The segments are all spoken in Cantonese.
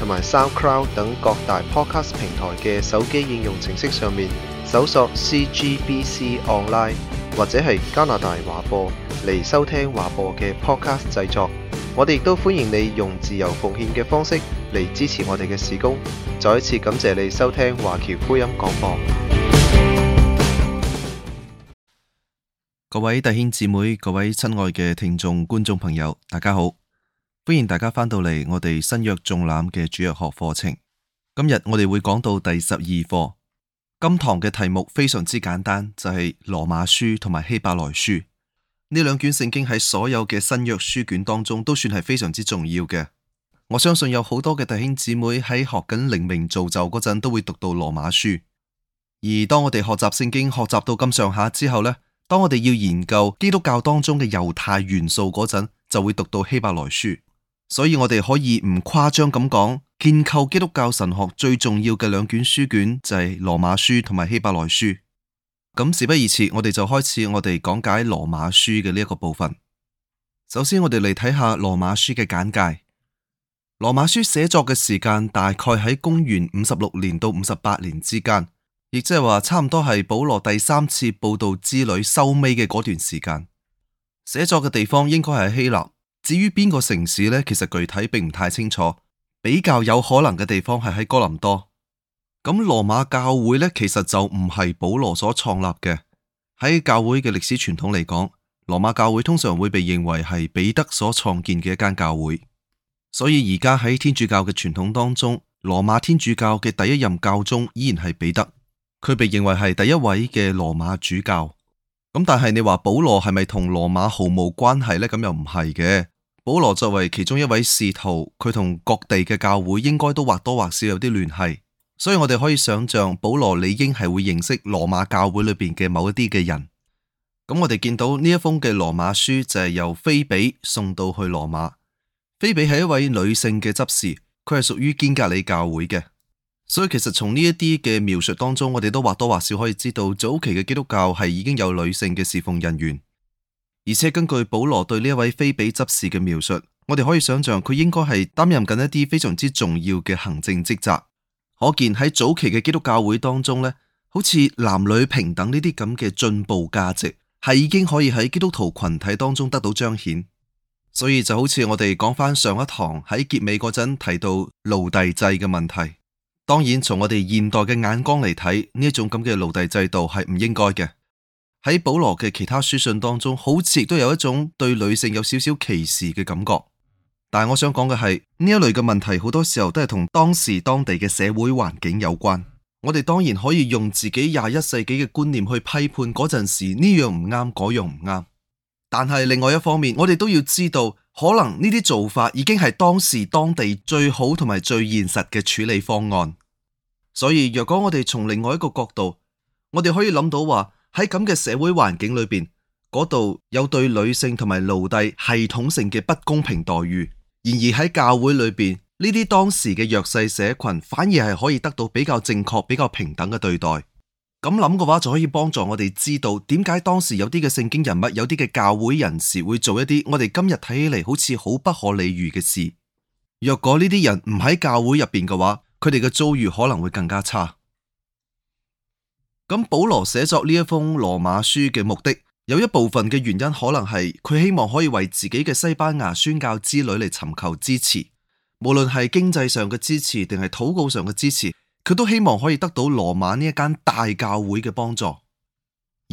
同埋 SoundCloud 等各大 Podcast 平台嘅手機應用程式上面搜索 CGBC Online 或者係加拿大華播嚟收聽華播嘅 Podcast 製作，我哋亦都歡迎你用自由奉獻嘅方式嚟支持我哋嘅事工。再一次感謝你收聽華僑福音廣播。各位弟兄姊妹，各位親愛嘅聽眾觀眾朋友，大家好。歡迎大家翻到嚟我哋新約縱覽嘅主日學課程。今日我哋會講到第十二課。今堂嘅題目非常之簡單，就係羅馬書同埋希伯來書呢兩卷聖經喺所有嘅新約書卷當中都算係非常之重要嘅。我相信有好多嘅弟兄姊妹喺學緊靈命造就嗰陣都會讀到羅馬書，而當我哋學習聖經學習到咁上下之後呢，當我哋要研究基督教當中嘅猶太元素嗰陣，就會讀到希伯來書。所以我哋可以唔誇張咁講，建構基督教神學最重要嘅兩卷書卷就係羅馬書同埋希伯來書。咁事不宜遲，我哋就開始我哋講解羅馬書嘅呢一個部分。首先，我哋嚟睇下羅馬書嘅簡介。羅馬書寫作嘅時間大概喺公元五十六年到五十八年之間，亦即係話差唔多係保羅第三次布道之旅收尾嘅嗰段時間。寫作嘅地方應該係希臘。至於邊個城市呢？其實具體並唔太清楚，比較有可能嘅地方係喺哥林多。咁羅馬教會呢，其實就唔係保羅所創立嘅。喺教會嘅歷史傳統嚟講，羅馬教會通常會被認為係彼得所創建嘅一間教會。所以而家喺天主教嘅傳統當中，羅馬天主教嘅第一任教宗依然係彼得。佢被認為係第一位嘅羅馬主教。咁但係你話保羅係咪同羅馬毫無關係呢？咁又唔係嘅。保羅作為其中一位使徒，佢同各地嘅教會應該都或多或少有啲聯繫。所以我哋可以想象，保羅理應係會認識羅馬教會裏邊嘅某一啲嘅人。咁、嗯、我哋見到呢一封嘅羅馬書就係由菲比送到去羅馬。菲比係一位女性嘅執事，佢係屬於堅格里教會嘅。所以其實從呢一啲嘅描述當中，我哋都或多或少可以知道，早期嘅基督教係已經有女性嘅侍奉人員，而且根據保羅對呢一位非比執事嘅描述，我哋可以想象佢應該係擔任緊一啲非常之重要嘅行政職責。可見喺早期嘅基督教會當中呢，好似男女平等呢啲咁嘅進步價值係已經可以喺基督徒群體當中得到彰顯。所以就好似我哋講翻上一堂喺結尾嗰陣提到奴隸制嘅問題。當然，從我哋現代嘅眼光嚟睇，呢一種咁嘅奴隸制度係唔應該嘅。喺保羅嘅其他書信當中，好似亦都有一種對女性有少少歧視嘅感覺。但係我想講嘅係，呢一類嘅問題好多時候都係同當時當地嘅社會環境有關。我哋當然可以用自己廿一世紀嘅觀念去批判嗰陣時，呢樣唔啱，嗰樣唔啱。但係另外一方面，我哋都要知道，可能呢啲做法已經係當時當地最好同埋最現實嘅處理方案。所以，若果我哋從另外一個角度，我哋可以諗到話喺咁嘅社會環境裏邊，嗰度有對女性同埋奴隸系統性嘅不公平待遇。然而喺教會裏邊，呢啲當時嘅弱勢社群反而係可以得到比較正確、比較平等嘅對待。咁諗嘅話，就可以幫助我哋知道點解當時有啲嘅聖經人物、有啲嘅教會人士會做一啲我哋今日睇起嚟好似好不可理喻嘅事。若果呢啲人唔喺教會入邊嘅話，佢哋嘅遭遇可能會更加差。咁保羅寫作呢一封羅馬書嘅目的，有一部分嘅原因可能係佢希望可以為自己嘅西班牙宣教之旅嚟尋求支持，無論係經濟上嘅支持定係禱告上嘅支持，佢都希望可以得到羅馬呢一間大教會嘅幫助。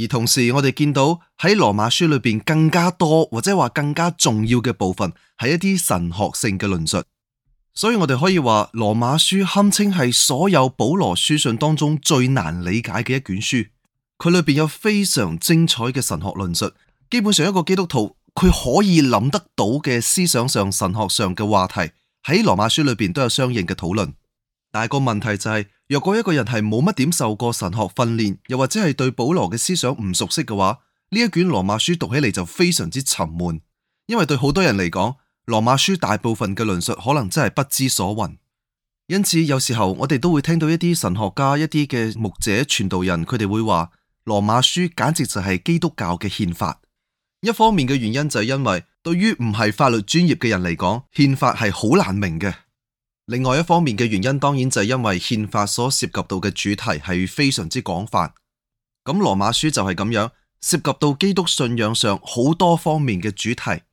而同時，我哋見到喺羅馬書裏邊更加多或者話更加重要嘅部分，係一啲神學性嘅論述。所以我哋可以話羅馬書堪稱係所有保羅書信當中最難理解嘅一卷書。佢裏邊有非常精彩嘅神學論述，基本上一個基督徒佢可以諗得到嘅思想上神學上嘅話題，喺羅馬書裏邊都有相應嘅討論。但係個問題就係，若果一個人係冇乜點受過神學訓練，又或者係對保羅嘅思想唔熟悉嘅話，呢一卷羅馬書讀起嚟就非常之沉悶，因為對好多人嚟講。羅馬書大部分嘅論述可能真係不知所云，因此有時候我哋都會聽到一啲神學家、一啲嘅牧者、傳道人，佢哋會話羅馬書簡直就係基督教嘅憲法。一方面嘅原因就係因為對於唔係法律專業嘅人嚟講，憲法係好難明嘅；另外一方面嘅原因，當然就係因為憲法所涉及到嘅主題係非常之廣泛。咁羅馬書就係咁樣，涉及到基督信仰上好多方面嘅主題。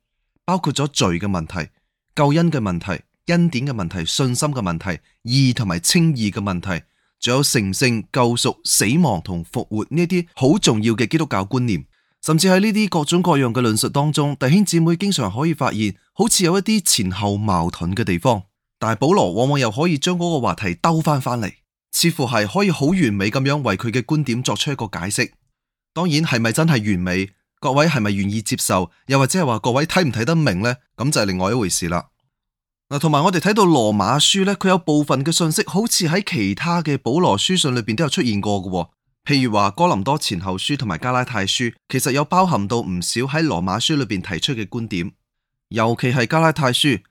包括咗罪嘅問題、救恩嘅問題、恩典嘅問題、信心嘅問題、義同埋稱義嘅問題，仲有成聖、救贖、死亡同復活呢啲好重要嘅基督教觀念。甚至喺呢啲各種各樣嘅論述當中，弟兄姊妹經常可以發現，好似有一啲前後矛盾嘅地方。但係保羅往往又可以將嗰個話題兜翻翻嚟，似乎係可以好完美咁樣為佢嘅觀點作出一個解釋。當然係咪真係完美？各位係咪願意接受？又或者係話各位睇唔睇得明呢？咁就係另外一回事啦。嗱，同埋我哋睇到羅馬書呢，佢有部分嘅信息好似喺其他嘅保羅書信裏邊都有出現過嘅。譬如話哥林多前後書同埋加拉太書，其實有包含到唔少喺羅馬書裏邊提出嘅觀點。尤其係加拉太書，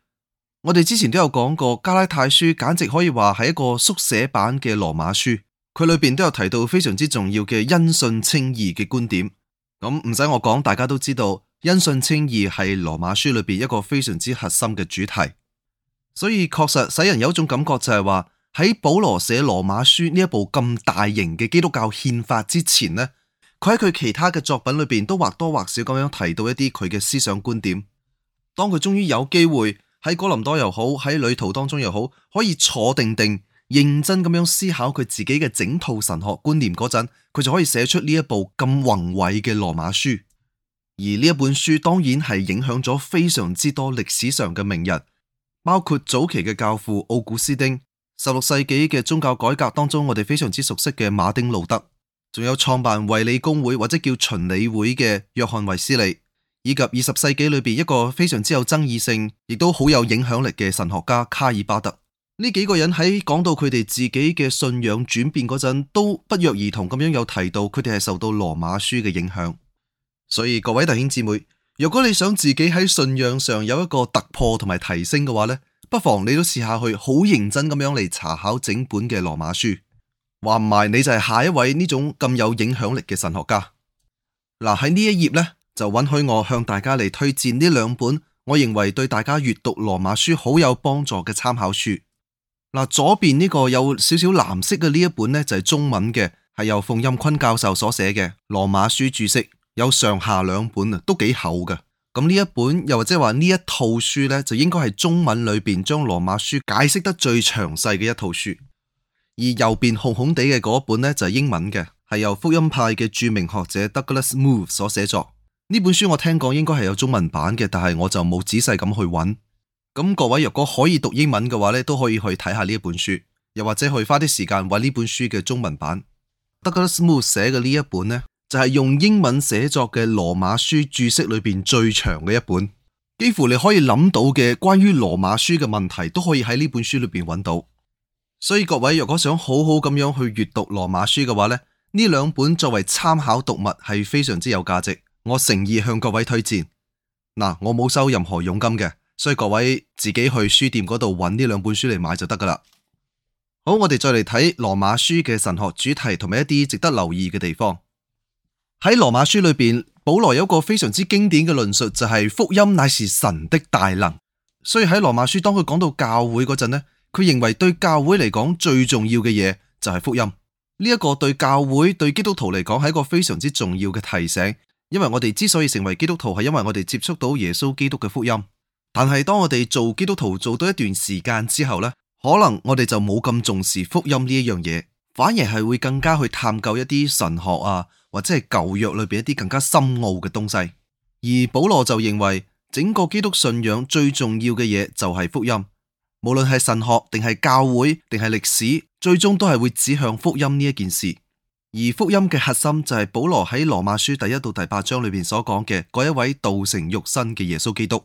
我哋之前都有講過，加拉太書簡直可以話係一個縮寫版嘅羅馬書。佢裏邊都有提到非常之重要嘅因信稱義嘅觀點。咁唔使我講，大家都知道因信稱義係羅馬書裏邊一個非常之核心嘅主題，所以確實使人有一種感覺就係話喺保羅寫羅馬書呢一部咁大型嘅基督教憲法之前呢佢喺佢其他嘅作品裏邊都或多或少咁樣提到一啲佢嘅思想觀點。當佢終於有機會喺哥林多又好，喺旅途當中又好，可以坐定定。認真咁樣思考佢自己嘅整套神學觀念嗰陣，佢就可以寫出呢一部咁宏偉嘅羅馬書。而呢一本書當然係影響咗非常之多歷史上嘅名人，包括早期嘅教父奧古斯丁、十六世紀嘅宗教改革當中我哋非常之熟悉嘅馬丁路德，仲有創辦衛理公會或者叫循理會嘅約翰衛斯理，以及二十世紀裏邊一個非常之有爭議性亦都好有影響力嘅神學家卡爾巴特。呢幾個人喺講到佢哋自己嘅信仰轉變嗰陣，都不約而同咁樣有提到佢哋係受到羅馬書嘅影響。所以各位弟兄姊妹，如果你想自己喺信仰上有一個突破同埋提升嘅話呢，不妨你都試下去好認真咁樣嚟查考整本嘅羅馬書，話唔埋你就係下一位呢種咁有影響力嘅神學家。嗱，喺呢一頁咧，就允許我向大家嚟推薦呢兩本，我認為對大家閱讀羅馬書好有幫助嘅參考書。嗱，左邊呢個有少少藍色嘅呢一本呢，就係中文嘅，係由馮蔭坤教授所寫嘅《羅馬書注釋》，有上下兩本啊，都幾厚嘅。咁呢一本又或者話呢一套書呢，就應該係中文裏邊將《羅馬書》解釋得最詳細嘅一套書。而右邊紅紅地嘅嗰本呢，就係英文嘅，係由福音派嘅著名學者 Douglas Moo 所寫作。呢本書我聽講應該係有中文版嘅，但係我就冇仔細咁去揾。咁各位若果可以讀英文嘅話咧，都可以去睇下呢一本書，又或者去花啲時間揾呢本書嘅中文版。德格拉斯·穆寫嘅呢一本呢，就係、是、用英文寫作嘅《羅馬書註釋》裏邊最長嘅一本，幾乎你可以諗到嘅關於《羅馬書》嘅問題都可以喺呢本書裏邊揾到。所以各位若果想好好咁樣去閱讀《羅馬書》嘅話咧，呢兩本作為參考讀物係非常之有價值，我誠意向各位推薦。嗱、啊，我冇收任何佣金嘅。所以各位自己去書店嗰度揾呢兩本書嚟買就得噶啦。好，我哋再嚟睇羅馬書嘅神學主題，同埋一啲值得留意嘅地方。喺羅馬書裏邊，保羅有一個非常之經典嘅論述，就係、是、福音乃是神的大能。所以喺羅馬書，當佢講到教會嗰陣咧，佢認為對教會嚟講最重要嘅嘢就係福音。呢、這、一個對教會、對基督徒嚟講，係一個非常之重要嘅提醒。因為我哋之所以成為基督徒，係因為我哋接觸到耶穌基督嘅福音。但係當我哋做基督徒做到一段時間之後呢，可能我哋就冇咁重視福音呢一樣嘢，反而係會更加去探究一啲神學啊，或者係舊約裏邊一啲更加深奧嘅東西。而保羅就認為整個基督信仰最重要嘅嘢就係福音，無論係神學定係教會定係歷史，最終都係會指向福音呢一件事。而福音嘅核心就係保羅喺羅馬書第一到第八章裏邊所講嘅嗰一位道成肉身嘅耶穌基督。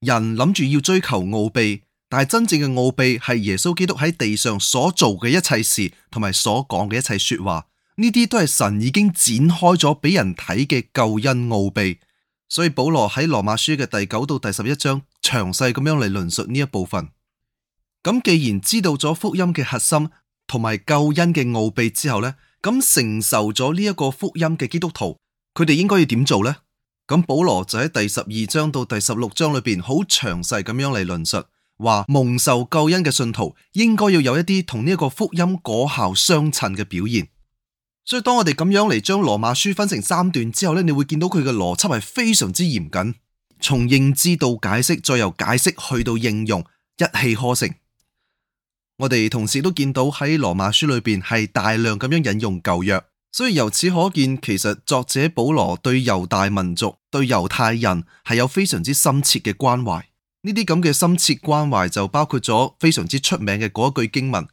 人諗住要追求奧秘，但係真正嘅奧秘係耶穌基督喺地上所做嘅一切事，同埋所講嘅一切說話，呢啲都係神已經展開咗俾人睇嘅救恩奧秘。所以保羅喺羅馬書嘅第九到第十一章，詳細咁樣嚟論述呢一部分。咁既然知道咗福音嘅核心，同埋救恩嘅奧秘之後呢，咁承受咗呢一個福音嘅基督徒，佢哋應該要點做呢？咁保羅就喺第十二章到第十六章裏邊，好詳細咁樣嚟論述，話蒙受救恩嘅信徒應該要有一啲同呢個福音果效相襯嘅表現。所以當我哋咁樣嚟將羅馬書分成三段之後呢，你會見到佢嘅邏輯係非常之嚴謹，從認知到解釋，再由解釋去到應用，一氣呵成。我哋同時都見到喺羅馬書裏邊係大量咁樣引用舊約。所以由此可見，其實作者保羅對猶大民族、對猶太人係有非常之深切嘅關懷。呢啲咁嘅深切關懷就包括咗非常之出名嘅嗰一句經文：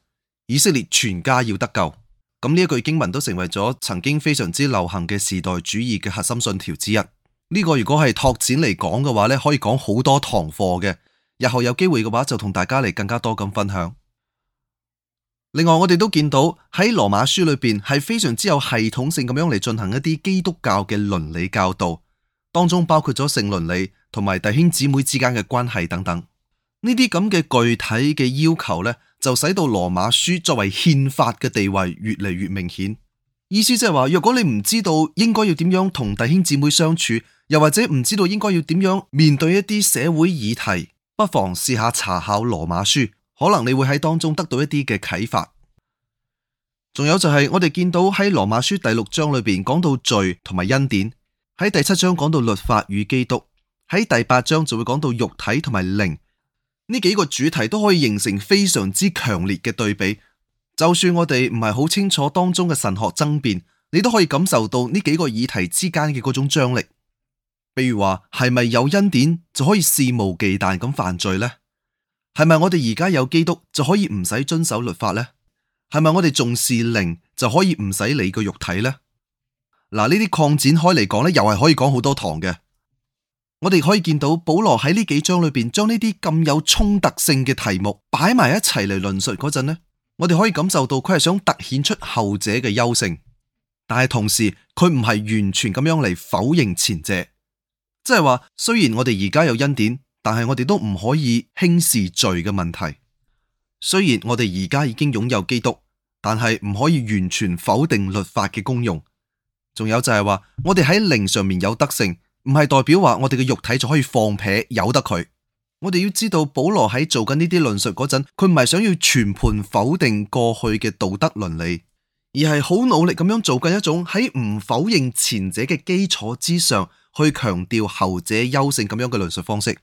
以色列全家要得救。咁呢一句經文都成為咗曾經非常之流行嘅時代主義嘅核心信條之一。呢個如果係拓展嚟講嘅話咧，可以講好多堂課嘅。日後有機會嘅話，就同大家嚟更加多咁分享。另外，我哋都見到喺羅馬書裏邊係非常之有系統性咁樣嚟進行一啲基督教嘅倫理教導，當中包括咗性倫理同埋弟兄姊妹之間嘅關係等等。呢啲咁嘅具體嘅要求呢，就使到羅馬書作為憲法嘅地位越嚟越明顯。意思即係話，若果你唔知道應該要點樣同弟兄姊妹相處，又或者唔知道應該要點樣面對一啲社會議題，不妨試下查考羅馬書。可能你會喺當中得到一啲嘅啟發，仲有就係我哋見到喺羅馬書第六章裏邊講到罪同埋恩典，喺第七章講到律法與基督，喺第八章就會講到肉體同埋靈，呢幾個主題都可以形成非常之強烈嘅對比。就算我哋唔係好清楚當中嘅神學爭辯，你都可以感受到呢幾個議題之間嘅嗰種張力。譬如話係咪有恩典就可以肆無忌憚咁犯罪呢？係咪我哋而家有基督就可以唔使遵守律法呢？係咪我哋重視靈就可以唔使理個肉體呢？嗱，呢啲擴展開嚟講呢，又係可以講好多堂嘅。我哋可以見到保羅喺呢幾章裏邊將呢啲咁有衝突性嘅題目擺埋一齊嚟論述嗰陣呢，我哋可以感受到佢係想突顯出後者嘅優勝，但係同時佢唔係完全咁樣嚟否認前者，即係話雖然我哋而家有恩典，但係我哋都唔可以輕視罪嘅問題。雖然我哋而家已經擁有基督，但係唔可以完全否定律法嘅功用。仲有就係話，我哋喺靈上面有德性，唔係代表話我哋嘅肉體就可以放屁由得佢。我哋要知道保羅喺做緊呢啲論述嗰陣，佢唔係想要全盤否定過去嘅道德倫理，而係好努力咁樣做緊一種喺唔否認前者嘅基礎之上去強調後者優勝咁樣嘅論述方式。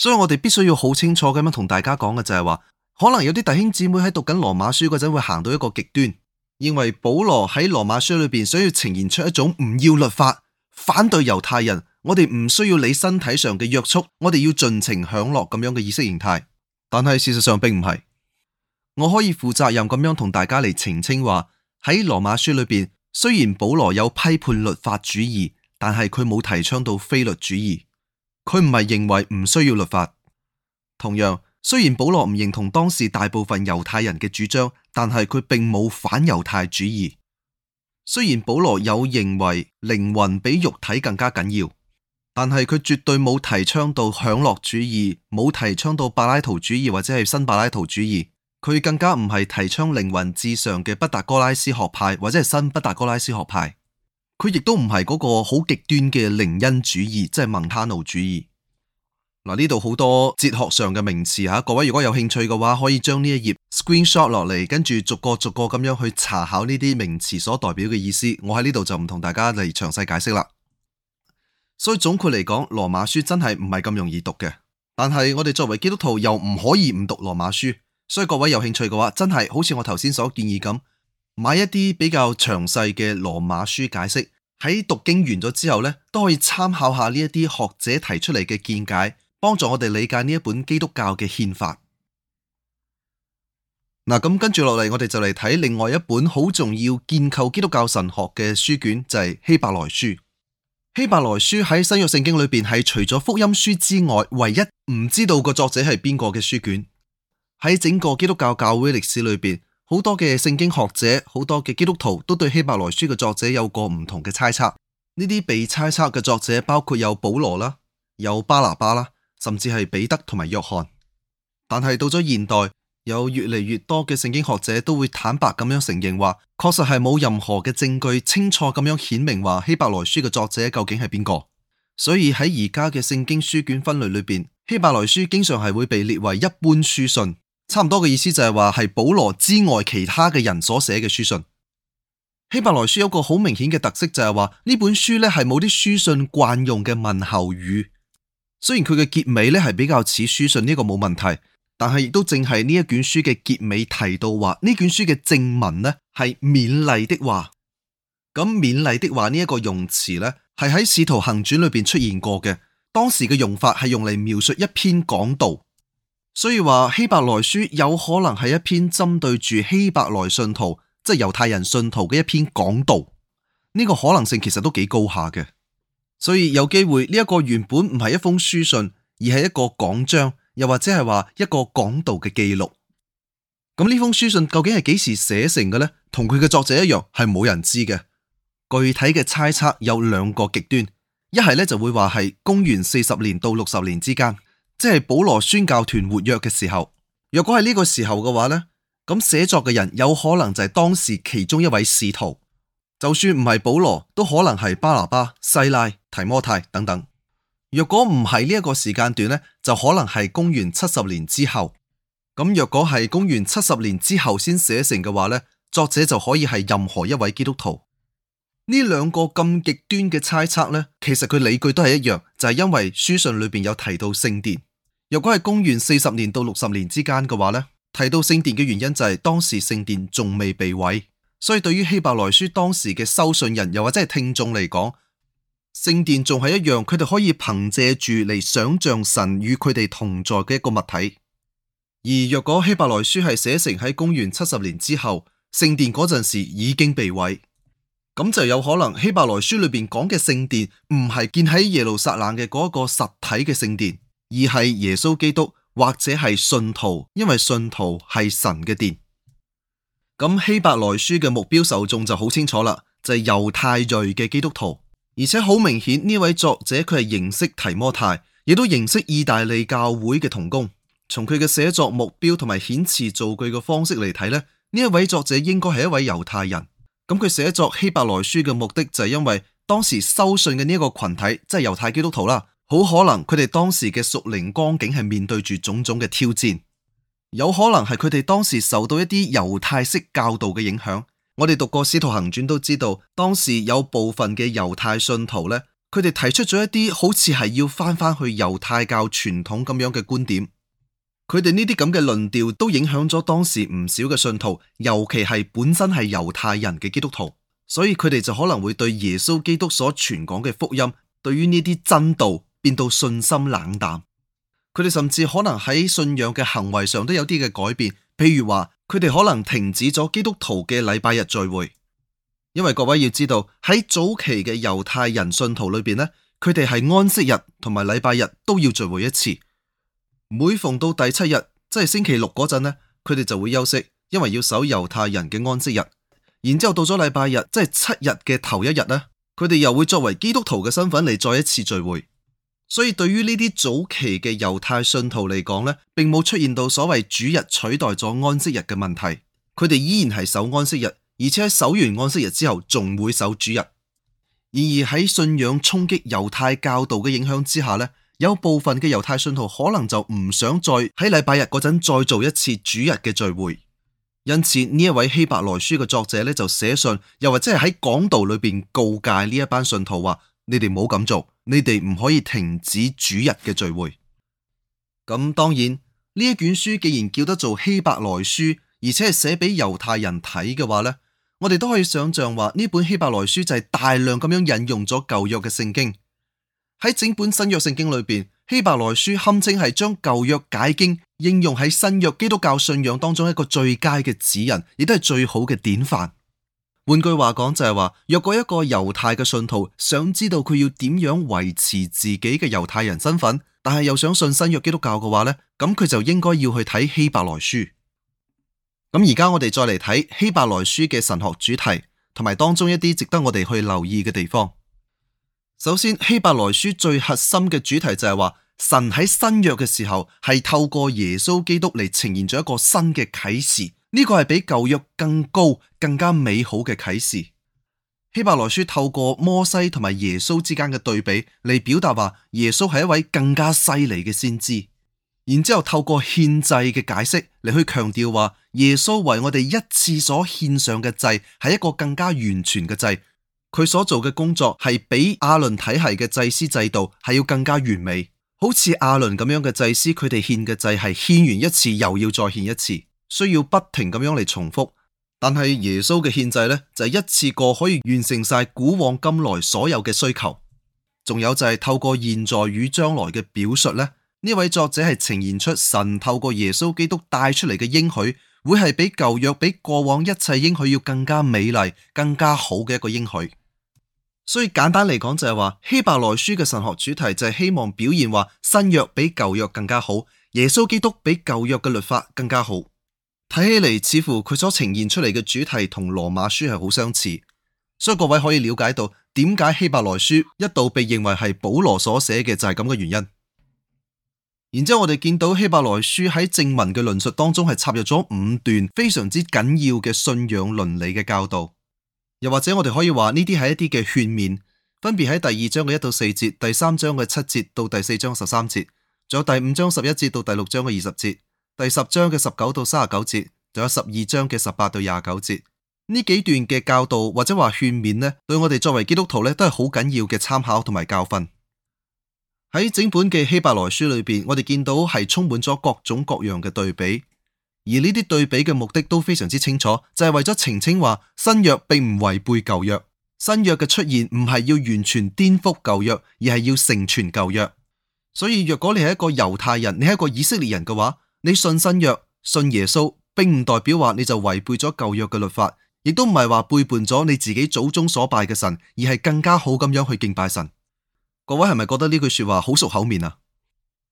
所以我哋必須要好清楚咁樣同大家講嘅就係話，可能有啲弟兄姊妹喺讀緊羅馬書嗰陣會行到一個極端，認為保羅喺羅馬書裏邊想要呈現出一種唔要律法、反對猶太人，我哋唔需要你身體上嘅約束，我哋要盡情享樂咁樣嘅意識形態。但係事實上並唔係，我可以負責任咁樣同大家嚟澄清話，喺羅馬書裏邊雖然保羅有批判律法主義，但係佢冇提倡到非律主義。佢唔係認為唔需要律法。同樣，雖然保羅唔認同當時大部分猶太人嘅主張，但係佢並冇反猶太主義。雖然保羅有認為靈魂比肉體更加緊要，但係佢絕對冇提倡到享樂主義，冇提倡到柏拉圖主義或者係新柏拉圖主義。佢更加唔係提倡靈魂至上嘅畢達哥拉斯學派或者係新畢達哥拉斯學派。或者佢亦都唔係嗰個好極端嘅靈恩主義，即係孟他努主義。嗱，呢度好多哲學上嘅名詞吓，各位如果有興趣嘅話，可以將呢一頁 screen shot 落嚟，跟住逐個逐個咁樣去查考呢啲名詞所代表嘅意思。我喺呢度就唔同大家嚟詳細解釋啦。所以總括嚟講，羅馬書真係唔係咁容易讀嘅，但係我哋作為基督徒又唔可以唔讀羅馬書。所以各位有興趣嘅話，真係好似我頭先所建議咁。買一啲比較詳細嘅羅馬書解釋，喺讀經完咗之後呢，都可以參考下呢一啲學者提出嚟嘅見解，幫助我哋理解呢一本基督教嘅憲法。嗱，咁跟住落嚟，我哋就嚟睇另外一本好重要建構基督教神學嘅書卷，就係希伯來書。希伯來書喺新約聖經裏邊係除咗福音書之外，唯一唔知道個作者係邊個嘅書卷，喺整個基督教教會歷史裏邊。好多嘅聖經學者，好多嘅基督徒都對希伯來書嘅作者有過唔同嘅猜測。呢啲被猜測嘅作者包括有保羅啦，有巴拿巴啦，甚至係彼得同埋約翰。但係到咗現代，有越嚟越多嘅聖經學者都會坦白咁樣承認話，確實係冇任何嘅證據清楚咁樣顯明話希伯來書嘅作者究竟係邊個。所以喺而家嘅聖經書卷分類裏邊，希伯來書經常係會被列為一般書信。差唔多嘅意思就係話係保羅之外其他嘅人所寫嘅書信。希伯來書有一個好明顯嘅特色，就係話呢本書咧係冇啲書信慣用嘅問候語。雖然佢嘅結尾咧係比較似書信，呢個冇問題，但係亦都淨係呢一卷書嘅結尾提到話呢卷書嘅正文咧係勉勵的話。咁勉勵的話呢一個用詞咧係喺使徒行傳裏邊出現過嘅，當時嘅用法係用嚟描述一篇講道。所以話希伯來書有可能係一篇針對住希伯來信徒，即係猶太人信徒嘅一篇講道，呢個可能性其實都幾高下嘅。所以有機會呢一個原本唔係一封書信，而係一個講章，又或者係話一個講道嘅記錄。咁呢封書信究竟係幾時寫成嘅呢？同佢嘅作者一樣，係冇人知嘅。具體嘅猜測有兩個極端，一係咧就會話係公元四十年到六十年之間。即係保羅宣教團活躍嘅時候，若果係呢個時候嘅話呢，咁寫作嘅人有可能就係當時其中一位使徒，就算唔係保羅，都可能係巴拿巴、西拉、提摩太等等。若果唔係呢一個時間段呢，就可能係公元七十年之後。咁若果係公元七十年之後先寫成嘅話呢，作者就可以係任何一位基督徒。呢兩個咁極端嘅猜測呢，其實佢理據都係一樣，就係因為書信裏邊有提到聖殿。如果係公元四十年到六十年之間嘅話呢，提到聖殿嘅原因就係當時聖殿仲未被毀，所以對於希伯來書當時嘅收信人又或者係聽眾嚟講，聖殿仲係一樣，佢哋可以憑借住嚟想象神與佢哋同在嘅一個物體。而若果希伯來書係寫成喺公元七十年之後，聖殿嗰陣時已經被毀，咁就有可能希伯來書裏邊講嘅聖殿唔係建喺耶路撒冷嘅嗰一個實體嘅聖殿。而係耶穌基督或者係信徒，因為信徒係神嘅殿。咁希伯來書嘅目標受眾就好清楚啦，就係、是、猶太裔嘅基督徒，而且好明顯呢位作者佢係認識提摩太，亦都認識意大利教會嘅同工。從佢嘅寫作目標同埋遣詞造句嘅方式嚟睇，呢呢一位作者應該係一位猶太人。咁佢寫作希伯來書嘅目的就係因為當時收信嘅呢一個群體即係、就是、猶太基督徒啦。好可能佢哋當時嘅屬靈光景係面對住種種嘅挑戰，有可能係佢哋當時受到一啲猶太式教導嘅影響。我哋讀過《使徒行傳》都知道，當時有部分嘅猶太信徒咧，佢哋提出咗一啲好似係要翻翻去猶太教傳統咁樣嘅觀點。佢哋呢啲咁嘅論調都影響咗當時唔少嘅信徒，尤其係本身係猶太人嘅基督徒，所以佢哋就可能會對耶穌基督所傳講嘅福音，對於呢啲真道，變到信心冷淡，佢哋甚至可能喺信仰嘅行為上都有啲嘅改變，譬如話佢哋可能停止咗基督徒嘅禮拜日聚會，因為各位要知道喺早期嘅猶太人信徒裏邊呢，佢哋係安息日同埋禮拜日都要聚會一次，每逢到第七日，即係星期六嗰陣呢，佢哋就會休息，因為要守猶太人嘅安息日，然之後到咗禮拜日，即係七日嘅頭一日呢，佢哋又會作為基督徒嘅身份嚟，再一次聚會。所以對於呢啲早期嘅猶太信徒嚟講呢，並冇出現到所謂主日取代咗安息日嘅問題，佢哋依然係守安息日，而且喺守完安息日之後，仲會守主日。然而喺信仰衝擊猶太教導嘅影響之下呢，有部分嘅猶太信徒可能就唔想再喺禮拜日嗰陣再做一次主日嘅聚會。因此呢一位希伯來書嘅作者呢，就寫信，又或者係喺講道裏邊告誡呢一班信徒話。你哋唔好咁做，你哋唔可以停止主日嘅聚會。咁當然，呢一卷書既然叫得做希伯來書，而且係寫俾猶太人睇嘅話呢，我哋都可以想象話呢本希伯來書就係大量咁樣引用咗舊約嘅聖經。喺整本新約聖經裏邊，希伯來書堪稱係將舊約解經應用喺新約基督教信仰當中一個最佳嘅指引，亦都係最好嘅典範。換句話講就係話，若果一個猶太嘅信徒想知道佢要點樣維持自己嘅猶太人身份，但係又想信新約基督教嘅話呢，咁佢就應該要去睇希伯來書。咁而家我哋再嚟睇希伯來書嘅神學主題，同埋當中一啲值得我哋去留意嘅地方。首先，希伯來書最核心嘅主題就係話，神喺新約嘅時候係透過耶穌基督嚟呈現咗一個新嘅啟示。呢個係比舊約更高、更加美好嘅啟示。希伯來書透過摩西同埋耶穌之間嘅對比嚟表達，話耶穌係一位更加犀利嘅先知。然之後透過獻祭嘅解釋嚟去強調，話耶穌為我哋一次所獻上嘅祭係一個更加完全嘅祭。佢所做嘅工作係比亞倫體系嘅祭司制度係要更加完美。好似亞倫咁樣嘅祭司，佢哋獻嘅祭係獻完一次又要再獻一次。需要不停咁樣嚟重複，但係耶穌嘅憲制呢，就係一次過可以完成晒古往今來所有嘅需求，仲有就係透過現在與將來嘅表述呢，呢位作者係呈現出神透過耶穌基督帶出嚟嘅應許，會係比舊約比過往一切應許要更加美麗、更加好嘅一個應許。所以簡單嚟講就係話希伯來書嘅神學主題就係希望表現話新約比舊約更加好，耶穌基督比舊約嘅律法更加好。睇起嚟似乎佢所呈現出嚟嘅主題同《羅馬書》係好相似，所以各位可以了解到點解《希伯來書》一度被認為係保羅所寫嘅就係咁嘅原因。然之後我哋見到《希伯來書》喺正文嘅論述當中係插入咗五段非常之緊要嘅信仰倫理嘅教導，又或者我哋可以話呢啲係一啲嘅勸勉，分別喺第二章嘅一到四節、第三章嘅七節到第四章十三節，仲有第五章十一節到第六章嘅二十節。第十章嘅十九到三十九節，仲有十二章嘅十八到廿九節，呢幾段嘅教導或者話勸勉呢，對我哋作為基督徒呢都係好緊要嘅參考同埋教訓。喺整本嘅希伯來書裏邊，我哋見到係充滿咗各種各樣嘅對比，而呢啲對比嘅目的都非常之清楚，就係為咗澄清話新約並唔違背舊約，新約嘅出現唔係要完全顛覆舊約，而係要成全舊約。所以若果你係一個猶太人，你係一個以色列人嘅話，你信新約、信耶穌，並唔代表話你就違背咗舊約嘅律法，亦都唔係話背叛咗你自己祖宗所拜嘅神，而係更加好咁樣去敬拜神。各位係咪覺得呢句說話好熟口面啊？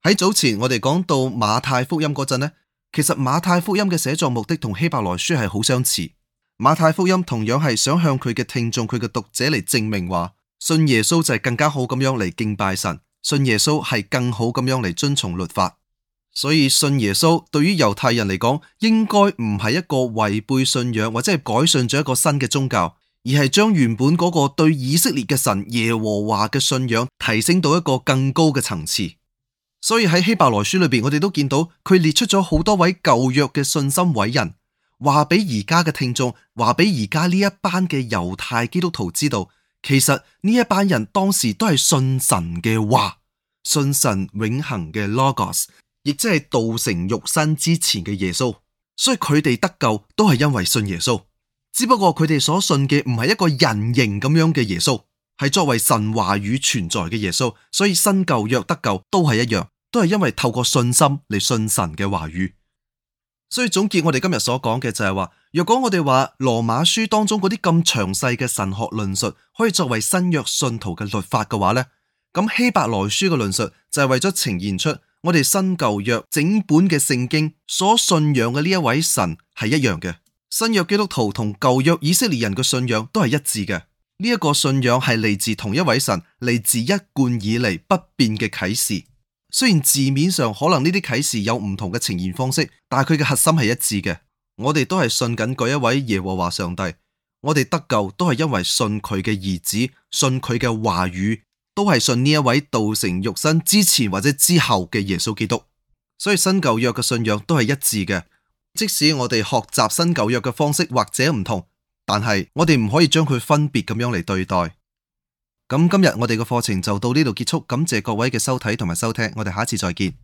喺早前我哋講到馬太福音嗰陣呢，其實馬太福音嘅寫作目的同希伯來書係好相似。馬太福音同樣係想向佢嘅聽眾、佢嘅讀者嚟證明話，信耶穌就係更加好咁樣嚟敬拜神，信耶穌係更好咁樣嚟遵從律法。所以信耶穌對於猶太人嚟講，應該唔係一個違背信仰或者係改信咗一個新嘅宗教，而係將原本嗰個對以色列嘅神耶和華嘅信仰提升到一個更高嘅層次。所以喺希伯來書裏邊，我哋都見到佢列出咗好多位舊約嘅信心偉人，話俾而家嘅聽眾，話俾而家呢一班嘅猶太基督徒知道，其實呢一班人當時都係信神嘅話，信神永恒嘅 Logos。亦即係道成肉身之前嘅耶穌，所以佢哋得救都係因為信耶穌，只不過佢哋所信嘅唔係一個人形咁樣嘅耶穌，係作為神話語存在嘅耶穌，所以新舊約得救都係一樣，都係因為透過信心嚟信神嘅話語。所以總結我哋今日所講嘅就係話，若果我哋話羅馬書當中嗰啲咁詳細嘅神學論述可以作為新約信徒嘅律法嘅話呢，咁希伯來書嘅論述就係為咗呈現出。我哋新舊約整本嘅聖經所信仰嘅呢一位神係一樣嘅，新約基督徒同舊約以色列人嘅信仰都係一致嘅。呢一個信仰係嚟自同一位神，嚟自一貫以嚟不變嘅啟示。雖然字面上可能呢啲啟示有唔同嘅呈現方式，但係佢嘅核心係一致嘅。我哋都係信緊嗰一位耶和華上帝，我哋得救都係因為信佢嘅兒子，信佢嘅話語。都係信呢一位道成肉身之前或者之後嘅耶穌基督，所以新舊約嘅信仰都係一致嘅。即使我哋學習新舊約嘅方式或者唔同，但係我哋唔可以將佢分別咁樣嚟對待。咁今日我哋嘅課程就到呢度結束，感謝各位嘅收睇同埋收聽，我哋下次再見。